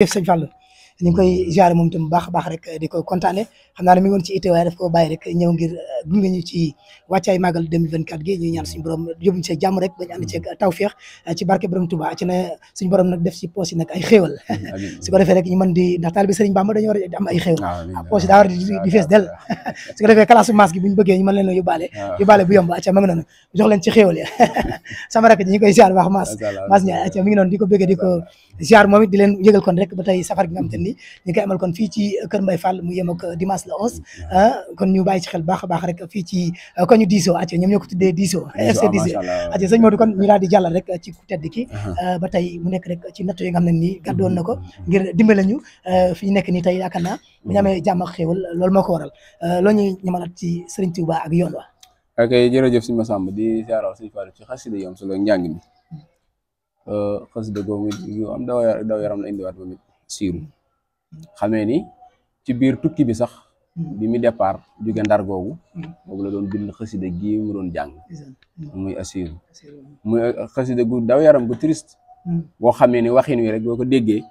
esse valor. ñu koy ziaré mom tam bax bax rek diko contané xamna xam mi ngon ci ité way daf ko bay rek ñew ngir gunge ñu ci waccay magal 2024 gi ñu ñaan suñu borom yóbbuñ ci jamm rek bañ and ci tawféex eh, ci barké borom Touba ci na suñu borom nak def ci posi nak ay xéewal su ko défé rek ñu mën di ndax taalibe Serigne Bamba dañu wara am ay xéewal posi da wara di fess del su ko défé classe mass gi buñ bëggé ñu mën leen yobalé ah. yobalé bu yomb acca ma ngi non jox leen ci xéewal ya sama rek ñi koy ziar wax mass mass ñi acca mi ngi non diko bëggé diko ziar momit di leen yëgal kon rek ba tay safar gi nga am ni ñu koy amal kon fii ci Kër Mbaye Fall mu yem ak dimanche le ah, kon ñu bàyyi ci xel baax a baax rek fii ci ah, ko ñu diisoo acca ñoom ñoo ko tuddee diisoo FC diisoo acca sëñ Modou kon ñu daal di jàllal rek ci ku tedd ah, ba tay mu nekk rek ci nattu yi nga xam ne nii mm-hmm. gàddoon na ko ngir dimbale ñu fi ñu nekk nii tey yaakaar naa mm-hmm. bu ñu amee jàmm ak xéewal loolu moo ko waral loo ñuy ñamalaat ci Serigne Touba ak yoon wa ok jërëjëf sëñ Massamba di siyaaraw sëñ Fallou ci xasida yom solo njàng mi xasida googu am daw daw yaram la indiwaat ba mit siiru xamee ni ci biir tukki bi sax hmm. bi muy départ jóge ndar googu hmm. boobu la doon bind xasida gi mu doon jàng hmm. muy assir muy uh, xasida gu daw yaram gu triste boo xamee ni waxin wi rek boo ko déggee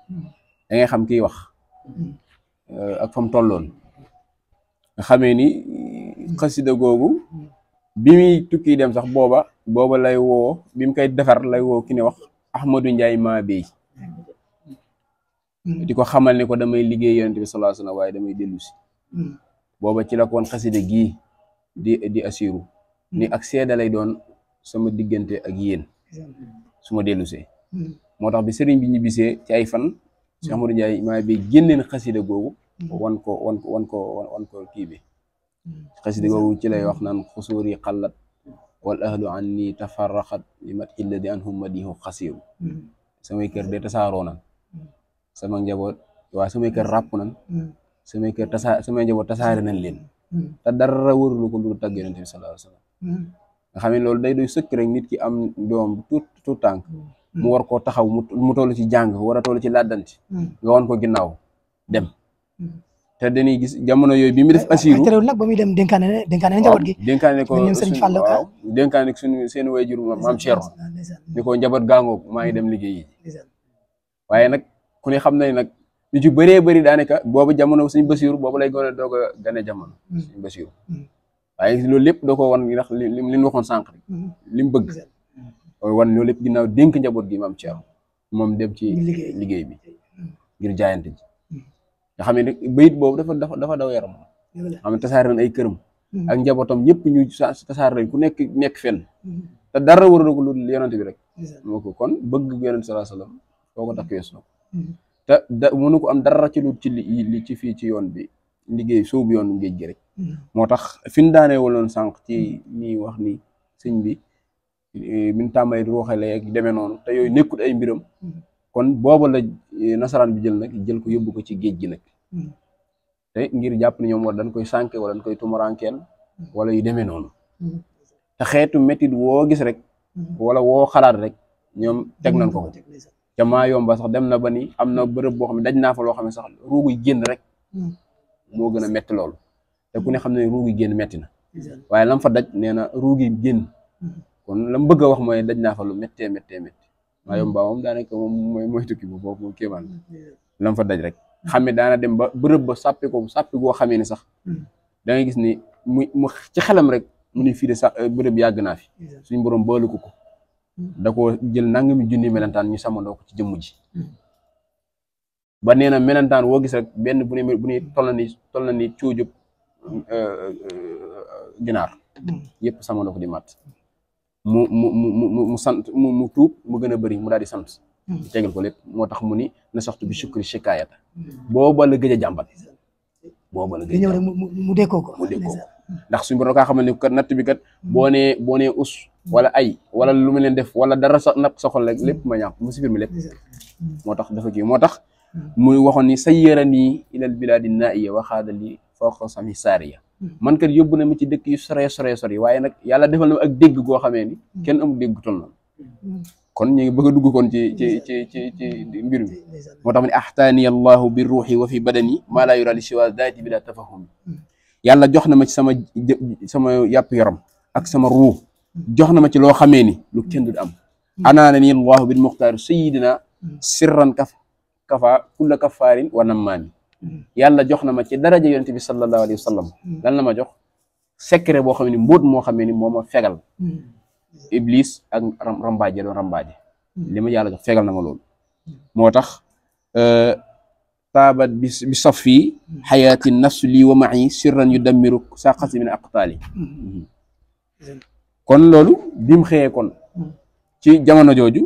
dangay xam kiy wax uh, ak fa mu tolloon nga ni xasida googu bi muy tukki dem sax booba booba lay woo bi mu koy defar lay woo ki ne wax Ahmadou Ndiaye maa béy Mm. di ko xamal ne ko damay liggéey yonent bi sallallahu alayhi wasallam damay dellu si mm. booba ci la koon gii di di asiru mm. ak seede doon sama diggante ak yéen su ma dellusee moo tax bi sëriñ bi ñibbisee ci ay fan Cheikh Amadou Ndiaye maa bi génneen xasida googu wan ko wan ko wan kii bi xasida googu ci lay wax naan xusuuri xallat wal ahlu an ni tafarraxat li mat illadi an hum di xasiru samay kër de tasaaroo nan sama njaboot wa samay kër rap nan hmm. samay kër tasaa samay njaboot tasaare nañ len hmm. ta dara wor lu ko lu tagge yonente bi sallallahu alaihi wasallam nga xam ne day doy sëkk rek nit ki am dom tout tout tank hmm. mu war ko taxaw mu tolu ci jang wara tolu ci ladanti nga won ko ginnaw dem té dañuy gis jamono yoy bi mi def asiru té rew nak bamuy dem denkané denkané dénkaane ne gi denkané ko ñu sëriñ fallo ka denkané ko suñu seen wayjuru maam Cheikh diko njabot gango ma ngi dem liggéey yi nak ku ne xam na ne nag lu ci bëree bëri daanaka boobu jamono suñ Basiru boobu lay gën a doog a gane jamono. Mm. suñ Basiru mm. lépp da ko wan ndax li li waxoon sànq rek. Mm. li bëgg. wan loolu lépp ginnaaw dénk njaboot gi maam Thierno moom dem ci liggéey bi ngir jaayante ji. xam ne boobu dafa dafa dafa daw yaram. xam ay këram. ak njabootam ñëpp ñu tasaare nañ ku nekk nekk fenn. te dara waroon na ko lu rek. kon bëgg yonent sallallahu alayhi wasallam koo ko takk weesu na te da mënu ko am dara ci lu ci li ci fii ci yoon bi liggéey soobu yoonu géej gi rek. Hmm. moo tax fi ñu daanee waloon sànq ci ñuy wax ni sëñ bi min eh, tàmbali di waxalee ak demee noonu te yooyu nekkul ay mbiram. Hmm. kon booba la eh, nasaraan bi jël nag jël ko yóbbu ko ci géej gi nag. Hmm. te ngir jàpp ni ñoom war dañ koy sànke wala dañ koy tumuraankeel wala yu demee noonu. te xeetu métit woo gis rek. wala woo xalaat rek ñoom teg nañ ko ko. ca maa yomba sax dem na ba ni am na bërëb boo xam ne daj naa fa loo xam ne sax ruugu génn rek hmm. moo gën a metti loolu te ku ne xam ne ruugu génn metti na waaye lam fa daj nee na ruugi génn hmm. kon lam bëgg wax mooy daj naa fa méttee méttee métti maa hmm. yomba moom daanaka moom mooy mooy fa daj rek xam ne daana dem ba bërëb ba sàppi ko sàppi goo xamee ni sax da gis ni mu ci xelam rek mu ni fii de sax bërëb yàgg naa fi suñ borom baalu ko ko da koo jël nangami junni melentaan ñu sàmmandoo ko ci jëmm ji hmm. ba nee na melentaan woo gis rek benn bu bu ne toll na ni toll na ni cuujub euh, euh, ginaar hmm. yëpp sàmmandoo di mat mu mu mu mu sant mu mu tuub mu gën a bëri mu daal di sant hmm. tegal ko lépp moo tax mu ni na saxtu bi sukkri shikaayata booba la gëj a jàmbat booba la gëj a mu mu dékkoo ndax suñu borom xamal ni kat natt bi kat boo us wala ay wala lu ma leen def wala dara so nag soxal rek lépp ma ñàkk mu sifir mi lépp mm. moo tax dafa kii moo tax mm. muy waxoon ni sayyaranii ilal bilaadi naa'iya wa xaada lii fawqa sami saariya mm. man kat yóbbu na mi ci dëkk yu sore sore sore yi waaye nag yàlla defal na ak dégg goo xamee ni kenn amul dégg toll noonu kon ñu ngi bëgg a dugg kon ci ci ci ci mbir mi moo tax ma ne axtaani allahu bi ruuxi wa fi badani maa laa yuraa li siwaa daati bi laa tafahum yàlla jox na ma ci sama sama yàpp yaram ak sama jox na ma ci loo xamee ni lu kenn du am mm. anaana ni allahu bil muxtaar sayidina mm. sirran kaf kafa kulla kafaarin wa nammaani mm. yàlla jox na ma ci daraja yonente bi sallallahu alayhi wa sallam lan la ma jox secret boo xam ne mbóot moo xamee ni moo ma fegal iblis rambaaje doon rambaaje li ma yàlla jox fegal na ma loolu moo tax euh, taabat bi bi saf fii xayaati nafsu lii wa ma'i sirran yudammiru saa xasi min aqtaali mm-hmm. kon loolu bi mu xëyee kon ci jamono jooju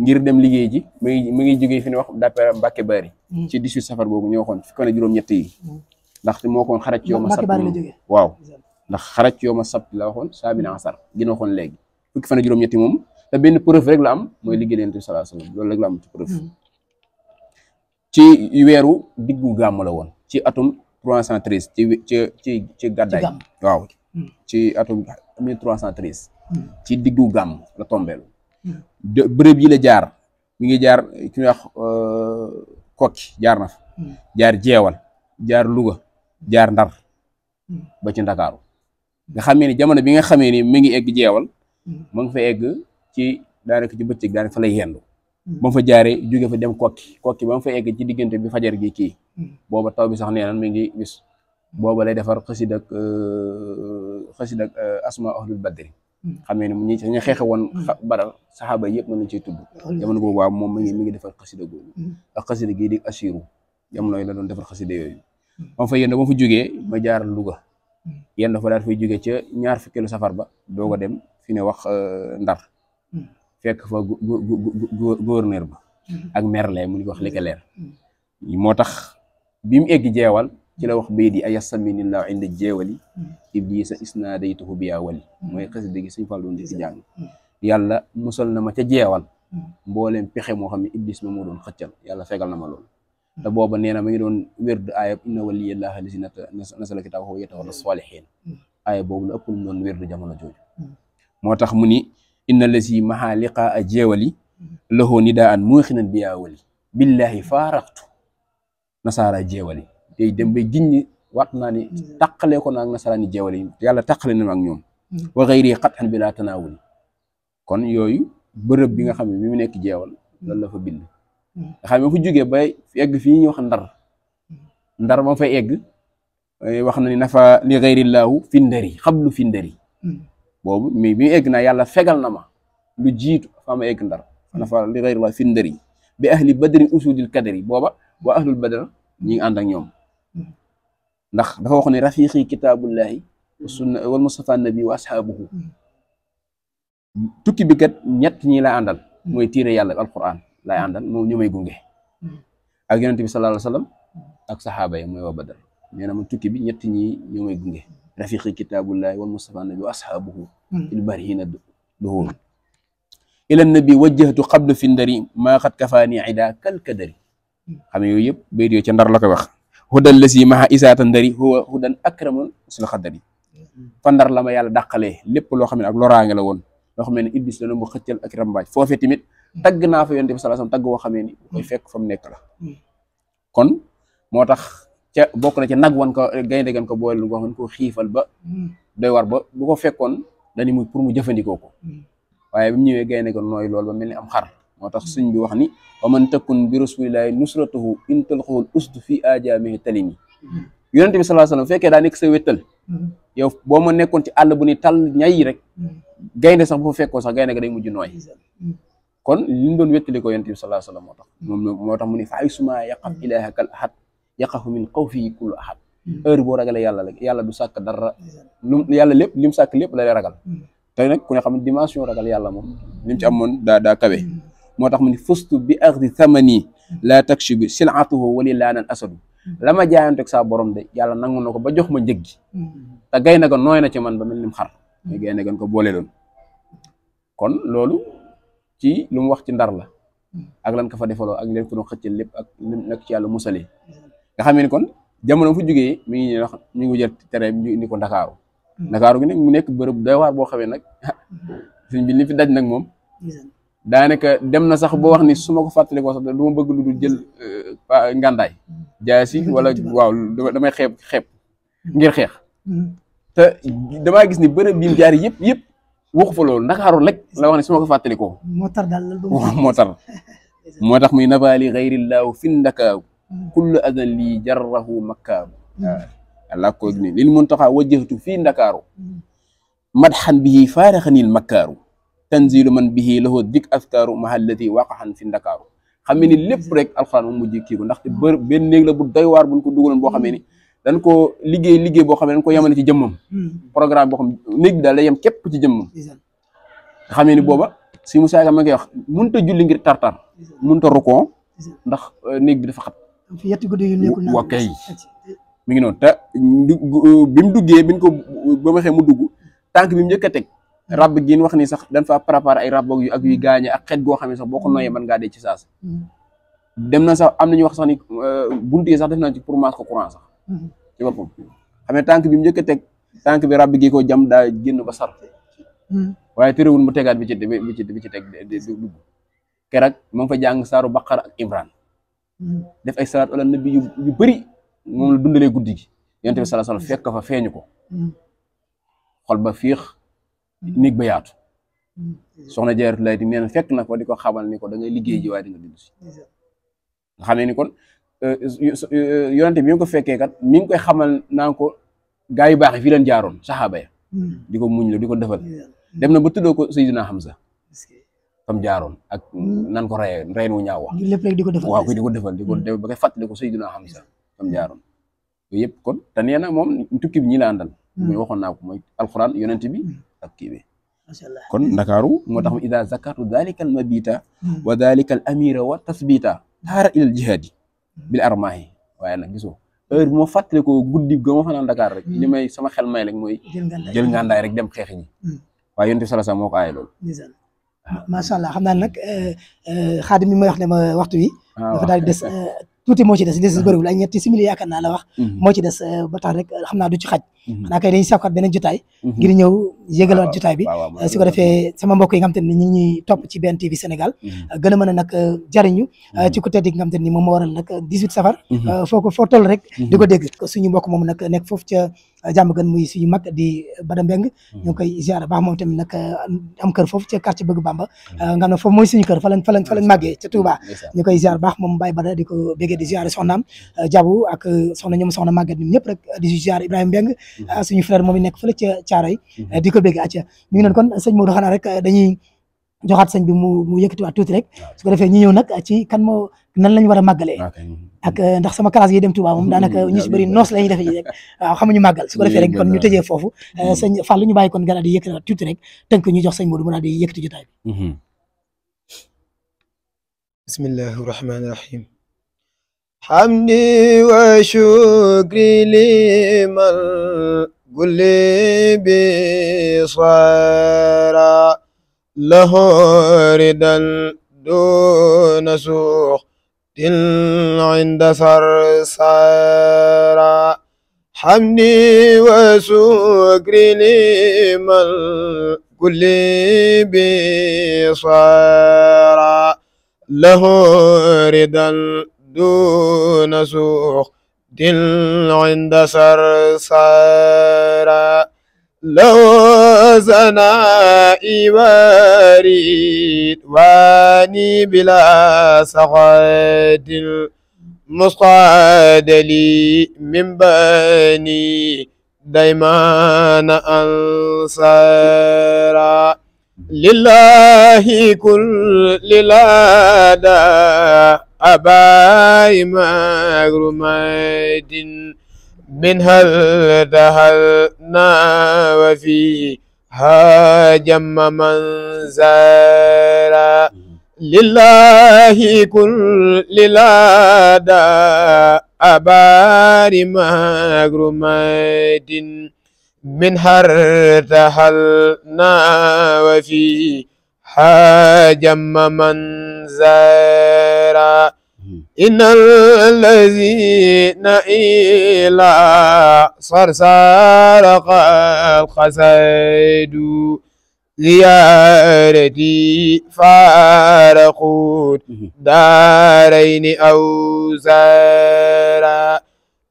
ngir dem liggéey ji mu ngi mu ngi jógee fi ne wax d'après Mbacke Bari hmm. ci 18 safar boobu ñu waxoon fi ko ne juróom-ñett yi hmm. ndax moo koon xaraj waaw ndax xaraj yow ma sabt la waxoon saabina asar gën a waxoon léegi fukki fan juróom-ñetti moom te benn preuve rek la am mooy liggéey leen sallallahu alayhi wasallam loolu rek la hmm. ci weeru diggu gàmm la woon ci atum 313 ci ci ci ci gàddaay waaw ci atum 1313 hmm. ci diggu gam la tombelu hmm. breb yi la jaar mi ngi jaar ci eh, wax euh, kokki jaar na hmm. jaar jewal jaar luga jaar ndar ba ci dakaru nga xamé ni jamono bi nga xamé ni mi ngi egg jewal ma nga fa egg ci daanaka ci bëccëg daanaka fa lay yendu ba fa jaaré jóge fa dem kokki kokki ba fa egg ci digënté bi fajar gi ki boba taw bi sax nee mi ngi gis bobu lay defar xasida ak xasida eh, ak eh, asma ahlul badri xam ne ñi ñu xeexe won baral sahaba yépp mën ci tuddu tudd jamono oh, iya. boobu waaw mi ngi mi ngi defar xasida googu hmm. ak xasida gi di asiru jamono noy la doon defar xasida yoy ya. hmm. ma fa yënd ba fa juggé ma jaar Louga hmm. yënd fa daal fay juggé ci ñaar safar ba dogo dem fi ne wax eh, ndar fekk fa gouverneur ba ak merle mu ngi wax li leer motax bimu egg jeewal ci la wax bay di ayasaminillah inda jeewali iblisa isnaadaytuhu biya wali mooy xasida gi sëñ Fall doon di jàng yàlla musal na ma ca jeewal mbooleem pexe moo xam ne iblis ma moo doon xëccal yàlla fegal na ma loolu te booba nee na ma ngi doon wérd aayab inna waliyallahi allazi nasala kitaaba wa yatawalla salihin aaya boobu la ëpp lu mu doon wérd jamono jooju moo tax mu ni inna lazi mahaa liqaa a jeewali lahoo nidaan muuxinan biya wali billahi faaraqtu nasaara jeewali day dem bay giñ wat naa ni tàqalee ko naag nasaraan yi na mm. wa xëyri xatan bi laa kon yoyu bërëb bi nga xam ne bi mu nekk jeewal loolu la fa bind nga mm. xam ne fu jógee ba egg fii ñuy wax ndar mm. ndar ma egg eh, wax na ni nafa li fi ndari xablu fi ndari boobu mais bi egg naa yàlla fegal na ma lu jiitu fa ma egg ndar nafa li fi ndari bi ahli badrin usudil kadari booba wa ahlul badr ñi ngi ak ndax dafa wax ne rafiqi kitaabullahi sunna wal mustafa nabi wa ashaabuhu tukki bi kat ñett ñii lay àndal mooy tiire yàlla alquran lay àndal moom ñu may gunge ak yonente bi sallallahu alayhi wasallam ak saxaaba yi mooy waa badar nee na ma tukki bi ñett ñii ñu may gunge rafiqi kitaabullahi wal mustafa nabi wa ashaabuhu il barihina duhur ila nabi wajjahtu qablu fi ndari maa qad kafaani ida kal kadari xam ne yooyu yëpp bayt yoo ca ndar la ko wax hudan lasi isa isaatan dari huwa hudan akramun sul xaddari fandar la ma yàlla dàqalee lépp loo xam ne ak loraange la woon loo xam iblis dana mu xëccal ak rambaaj foofee tamit tagg naa fa yonte sallallahu alayhi wasallam koy fekk la kon moo tax ca bokk na ca nag wan ko gan ko boole lu wax ko xiifal ba doy war ba bu ko fekkoon dañu mu pour mu jëfandikoo ko mm. waaye bi mu ñëwee gaynde gan nooy loolu ba am xar moo tax suñ bi wax ni wa man takun bi rasulillahi nusratuhu in talqahul usd fi ajaamihi talimi yonente bi sallallahu alayhi wasallam fekkee daa nekk sa wéttal yow boo ma nekkoon ci àll bu ni tàll ñayi rek gaynde sax boo fekkoo sax gaynde ga day mujj nooy kon li mu doon wéttali ko yonente bi sallallahu alayhi wasallam moo tax moom moo tax mu ni fa ay suma yaqaf ilaahakal ahad yaqafu min xawfihi kullu ahad heure boo ragalee yàlla la yàlla du sàkk dara lu yàlla lépp lim sàkk lépp lay ragal tey nag ku ne xam ne dimension ragal yàlla moom lim ci amoon daa daa kawe moo tax mu ne fustu bi axdi thamani laa takshu bi silatuhu wali laanan asadu la ma jaayanteeg saa borom de yàlla nangu na ko ba jox ma njëg gi te gay na ko nooy na ci man ba mel nim xar na ko boole loon kon loolu ci lu wax ci ndar la ak lan ko fa defaloo ak leen ko doon lépp ak nag ci yàlla musalee nga xam kon jamono fu jugee mi ngi wax mi ngi jël tere bi ni ko ndakaaru ndakaaru gi nag mu nekk bërëb doy waar boo xamee nag suñ bi li fi daj nag moom danaka demna sax bo wax ni su ma ko sax do ma bëgg lu dul jël ngàndaay jaasi wala waaw damay xeb xeb ngir xex te dama gis ni bërëb bi jaar yëpp yëpp waxu fa loolu Ndakaaru lek la wax ni su ma ko fàttalikoo. moo tar daal la do motar motax muy nabali ghayri fi findaka kullu adan lii jarrahu makkaaru alla ko ni lil muntaha wajjahtu fii ndakaaru madxan bihi faaraxanil makkaaru tanzilu man bihi lahu dik askaru mahallati waqahan fi ndakaaru xamni lepp rek alquran mu jikki ko ndax ben neeg la bu doy war buñ ko dugulon bo xamni dan ko liggey liggey bo xamni ne ko yemale ci jëmum programme bo xam neeg da daal yam kep ci jëmum xamni boba si musa ga ma ngi wax munta julli ngir tartar munta a ndax neeg bi dafa xat yetti gude yu neeku na wakay mi ngi non ta bimu mu bin ko bama xé mu dugg tank bimu mu tek rab gin wax ni sax dañ faa préparé ay rab yu ak yuy gaañe ak xet goo xam ne sax boo ko mm. noyee mën ngaa dee ci saas mm. dem na sax am na ñu wax sax ni euh, bunt yi sax def nañ ci pour maas ko courant sax mm. xam ne tànk bi njëkk a teg tànk bi rab gi ko jam daa génn ba sar waaye terewul mu tegaat bi ci bi ci bi ci teg dugg keroog ma ngi fa jàng saaru baqara ak imran def ay salaat ala nabi yu yu bëri moom la dundalee guddi gi yonent bi sala sala fekk fa feeñu ko xol ba fiix néeg ba yaatu mm. soxna Jaaratu Laay nee na fekk na ko di ko xamal ni ko da ngay liggéey ji waaye di nga dund si nga kon euh, yonante bi ko fekkee kat mi ngi koy xamal naa ko gaa yu baax yi leen jaaroon saxaaba ya mm. di ko muñ la di ko defal mm. dem na ba tuddoo ko Seydina Hamza fam jaaroon ak nan ko rayee reyen wu lépp di ko defal waaw di ko defal di ko defal ba koy fàttali ko Seydina Hamza fam jaaroon yooyu yëpp kon te nee moom tukki bi ñi la àndal muy mooy alxuraan yonente bi ak kii bi kon ndakaaru moo tax ida zakatu dalika al mabita hmm. wa dalika al amira wa tasbita taara ilal jihaadi hmm. bil armaahi waaye nag gisoo moo bu ma fàttali ko guddi ga ma fanaan Dakar rek li hmm. may sama xel may rek mooy jël ngandaay rek dem xeex ñi waaye yonte sala sa moo ko aaye loolu ah. macha allah xam naa nag eh, eh, xaadim mi may wax ne ma waxtu wi ah, dafa daal di des eh, tuuti moo ci des des bëriwul ay ñetti simili yaakaar naa la wax moo ci des ba tax rek xam naa du ci xaj xanaa mhm. kay dañuy sàkkuwaat beneen jotaay mhm. ngir ñëw yëgalaat jotaay bi su ko defee sama mbokk yi nga xam ne ñi ñuy topp ci BNTV Sénégal mhm. euh, gën a mën a nag euh, jariñu euh, ci ku tedd gi nga ni moom moo waral nag dix-huit safar foo ko rek di ko dégg suñu mbokk moom nag nekk foofu ca jàmm gan muy suñu mag di Bada Mbeng ñu ngi koy ziar baax moom tamit nag am kër foofu ca quartier Bëgg Bamba nga na ne foofu mooy suñu kër fa lañ fa lañ fa lañ màggee ca Touba ñu koy ziar baax moom Baye Bada di ko béggee di ziar soxnaam jabu ak soxna ñoom soxna màgget ñoom ñëpp rek di ziar Ibrahima Mbeng Mm-hmm. Ah, suñu frère moom i nekk fële ca mm-hmm. eh, di ko bégg acca ah, mi ngi kon sëñ Modou xanaa rek eh, dañuy joxaat sëñ bi mu mu yëkkatiwaat tuuti rek su ko defee ñu ñëw nag ah, ci kan moo nan lañ war ak eh, ndax sama classe yi dem Touba moom daanaka mm-hmm. ñu si bëri noos la ñuy defee a rek waaw xamuñu màggal su ko defee rek kon ñu tëjee foofu sëñ Fall ñu bàyyi kon gën a di yëkkatiwaat tuuti rek tënk ñu jox sëñ Modou mu daal di yëkkati jotaay bi bismillahi rahmaani حمدي وشكري لمن قلبي بصرا له ردا دون سوخ عند صرصرا حمدي وشكري لمن قلبي بصرا له ردا دون سوق دل عند سرسارا لو زنا إباريد واني بلا سغاد مصعد لي من بني دايما أنصارا لله كل لله أباي مغرمات من هل دهلنا وفي هاجم من زارا لله كل للادا أبار مغرمات من هر دهلنا وفي هاجم من زارا خيرا إن الذين إلى صرصار خسيد زيارتي فارقود دارين أو زارا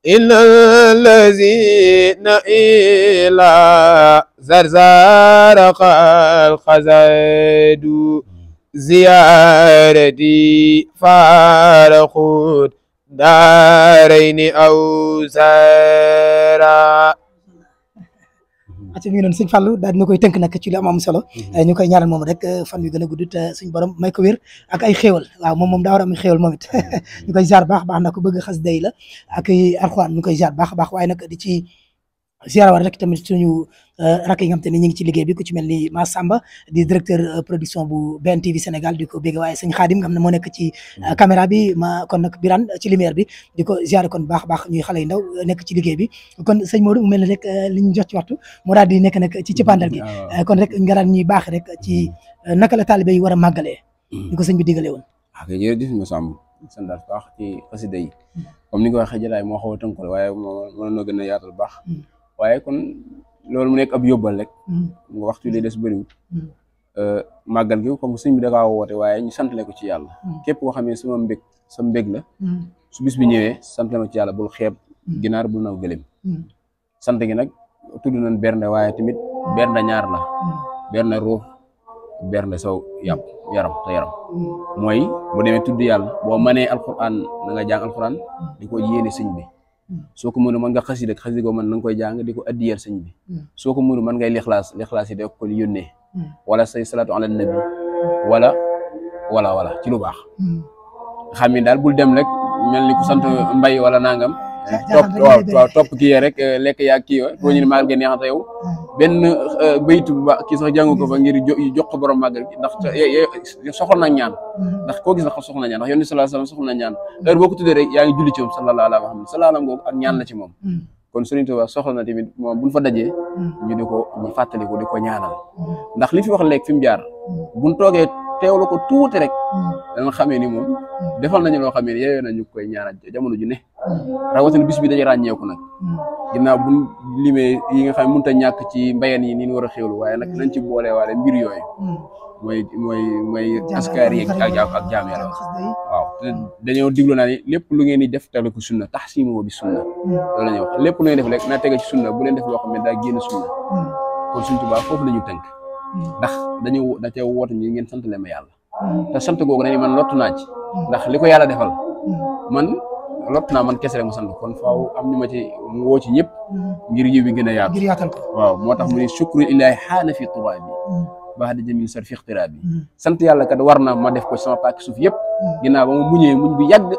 إن الذين إلى زرزار خزيدو زيارتي فارخود دارين أو زارا ci mi ngi noonu sëñ Fallou daal dina koy tënk nag ci lu am am solo ñu koy ñaanal rek fan yu gën a gudd borom may ko wér ak ay xéewal waaw moom moom daa war am xéewal moom it jaar baax baax na ko bëgg xas day la ak alxuraan ñu koy jaar baax baax waaye nag di ci ziarawaat rek tamit suñu euh, ne ñu ngi ci liggéey bi ku ci mel ni ma Massamba di directeur euh, production bu BNTV Sénégal di ko bégg waaye sëñ Xaadim nga xam ne moo nekk ci euh, mm. caméra bi ma kon nag Birane ci lumière bi di ko ziare kon baax baax ñuy xale yu ndaw nekk ci liggéey bi kon sëñ mu mel ne li ñu jox ci waxtu moo daal di nekk nag ci cëppandal gi mm. kon rek nga daal ñuy baax rek ci mm. naka la taalibe yi war a màggalee di ko sëñ bi diggalee woon ak ah, jërëjëf Massamba sandaat baax ci xasida yi comme ni ko waxee jëlaay moo xaw a tënkal waaye moo mënoon gën a yaatal baax waaye kon loolu mu nekk ab yóbbal rek. Hmm. nga waxtu yi des bëriwul. Hmm. Euh, màggal gi ko sëñ bi da kaa woote waaye ñu sant santale ko ci yàlla. Hmm. képp koo xam ne sama mbég sa mbég la. su bis bi ñëwee sant ma ci yàlla bul xeeb. ginaar bul naw gëléem. sant gi nag tudd nañ bernde waaye tamit bernde ñaar la. bernde ruux bernde saw yàpp yaram sa yaram. mooy bu demee tudd yàlla boo mënee alquran na nga jàng alquran di ko yéene sëñ bi. soo ko mënul mën nga xasida xasida goo mën na nga koy jàng di ko addiyal sëñ bi mm. soo ko mënul man ngay lixlaas lixlaas a doo ko yónnee mm. wala say salaatu ala nabi wala wala wala ci lu baax mm. xam daal bul dem rek mel ni ku sant mbay wala nangam topp waaw topp rek lekk yaa kii wa boo ñu ne maa ngi benn euh, baytu ba kii sax jàngu ko fa ngir jox ko borom màggal gi ndax soxla na ñaan ndax koo gis na xam soxla na ñaan ndax yonent sallallahu alayhi wasallam soxla na ñaan heure boo ko tuddee rek yaa ngi julli ci moom sallallahu alayhi wa sallam ñaan la ci moom mm. kon Serigne Touba soxla na tamit moom buñ fa dajee mm. ñu di ko ñu fàttaliku di ko ñaanal mm. ndax li fi wax léegi fi mu jaar buñ toogee teewlu ko tuuti rek. Hmm. dana xamee ni moom. Hmm. defal nañu loo xamee ni ñu nañu koy ñaanal jamono ju ne. Hmm. rawatina bis bi dañuy ràññeeku nag. ginnaaw bu limee yi nga xam ne mënut a ñàkk ci mbayeen yi ni ñu war a xéwlu waaye nag nañ ci boole waale mbir yooyu. mooy mooy mooy. askaar yi ak ak jaam waaw dañoo diglu naa ni lépp lu ngeen di def tali ko sunna tax si moo bi sunna. loolu la ñuy wax lépp lu ngeen def rek naa tege ci sunna bu leen def loo xam ne daa génn sunna kon suñ baa foofu la ñu tënk ndax dañu da cee woote ñi ngeen sant leen ma yàlla mm. te sant googu dañuy man lottu naa ci ndax li ko yàlla defal mm. man lott naa man kese rek ma sant kon faaw am ñu ma ci mu woo ci ñëpp mm. ngir yiw bi gën a yaatu ngir yaatal ko waaw moo tax mu ne shukru ilaahi xaana fi turaabi baax da jamil sar fi ixtiraabi sant yàlla kat war na ma def ko ci suuf yëpp ginnaaw ba mu muñee muñ bu yàgg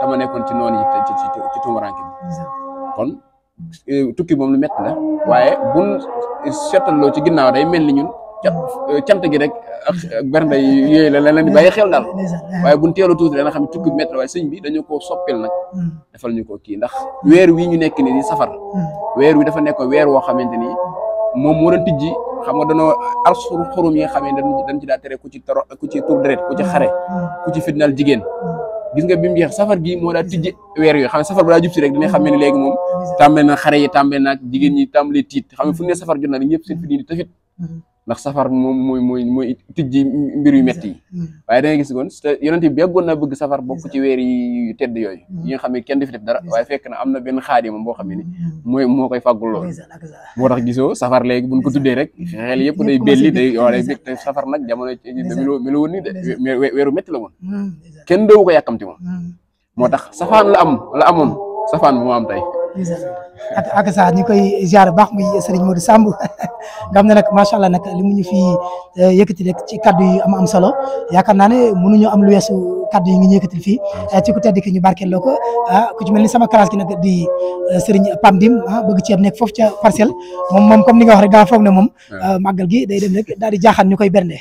dama nekkoon ci noonu ci ci tumuranke bi kon eh, tukki moom lu la waaye bun seetloo ci ginnaaw day mel ni ñun euh, cant gi rek ak bernde yooyu la leen di bàyyi xel daal waaye buñ teelu tuuti dana xam ne tukki mètre waaye sëñ bi dañu koo soppeel nag hmm. defal ñu ko kii ndax weer wi ñu nekk ni di safar hmm. weer wi dafa nekk weer woo xamante ni moom moo doon tijji xam nga danoo arsu xurum yi nga xamee dañ ci daa tere ku ci toro ku ci tur deret ku ci xare hmm. ku ci fitnaal jigéen gis nga bi mu jeex safar gi moo daa tijji weer yooyu xam ne safar bu daa jub si rek dina xam ne ni léegi moom tàmbale na xare yi tàmbale naag jigéen ñi tàmbale tiit xam ne ne safar jot na rek ñëpp seen fi diini tafit ndax safar moom mooy mooy mooy tijji mbir yu métti yi waaye da ngay gis kon te yonent bi yàggoon naa bëgg safar bokk ci weer yi tedd yooyu mm. yi nga xam ne kenn di fi def dara waaye fekk na am na benn xaadima boo xam ne ni mm. mooy moo koy fàggul loolu moo tax gisoo safar léegi buñ ko tuddee rek xel yëpp day belli day wala safar nag jamono melo melo woon ni de weeru metti la woon mm, kenn doowu ko yàkkamti moom moo tax safaan la am la amoon safaan moom am tey ak ak sax ñu koy ziar baax muy Serigne Modou Samb nga ne nag macha allah nag li mu ñu fi eh, yëkkati rek ci kaddu yu am am solo yaakaar naa ne mënuñu am lu weesu kaddu yi nga ñu yëkkatil fii eh, ci ku tedd ki ñu barkeeloo ko ah ku ci mel ni sama classe gi nag di eh, Serigne Pandim ah bëgg ceeb nekk foofu ca parcelle moom moom ni nga wax rek daa foog ne moom ah. Ah, màggal gi day dem rek daal di jaaxaan ñu koy bernde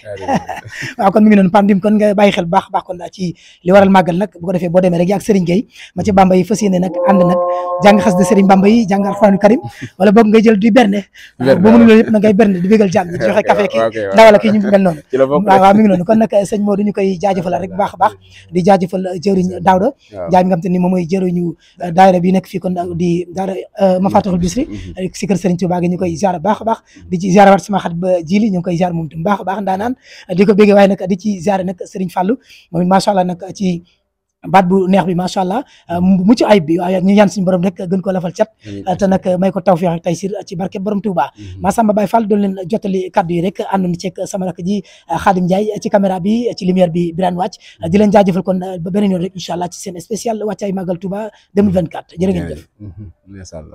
ba kon mi ngi noonu Pandim kon nga xel bu baax baax kon daal ci li waral màggal nag bu defee boo demee jàng alxuraanu karim wala boog nga jël di berne boo mënul loolu yëpp na ngay berne di bégal jàng di joxe café ki dawala ki ñu mel noonu waaw waaw noonu kon nag sëñ Modou ñu koy jaajëfal rek baax a baax di jaajëfal uh, jëriñ Daawda jaay mi nga xam te ni moom mooy jëriñu uh, daayira bi nekk fii kon uh, di daara Mafatihul Bichri mm-hmm. si kër Sëriñ Tuubaa gi ñu koy ziar baax a baax di ci ziar waat sama ba jili ñu ngi koy jaar moom tam baax a baax ndaanaan di ko bégge waaye nag di ci ziar nag Sëriñ Fàllu moom it macha allah nag ci baat bu neex bi macha allah mm. mu ci ayib bi ñu yan suñu borom rek gën ko lafal cat te nag may ko tawfiix ak taysir ci barke borom Touba Massamba mm-hmm. Baye Fall doon leen jottali kaddu yi rek àndoon ceeg sama rakk ji Khadim eh, Ndiaye ci caméra bi ci lumière bi Birane Wàcc mm-hmm. di leen fal kon eh, ba beneen yoon rek incha allah ci seen spécial wàccaay màggal Touba 2024 jërë ngeen jëf mm-hmm.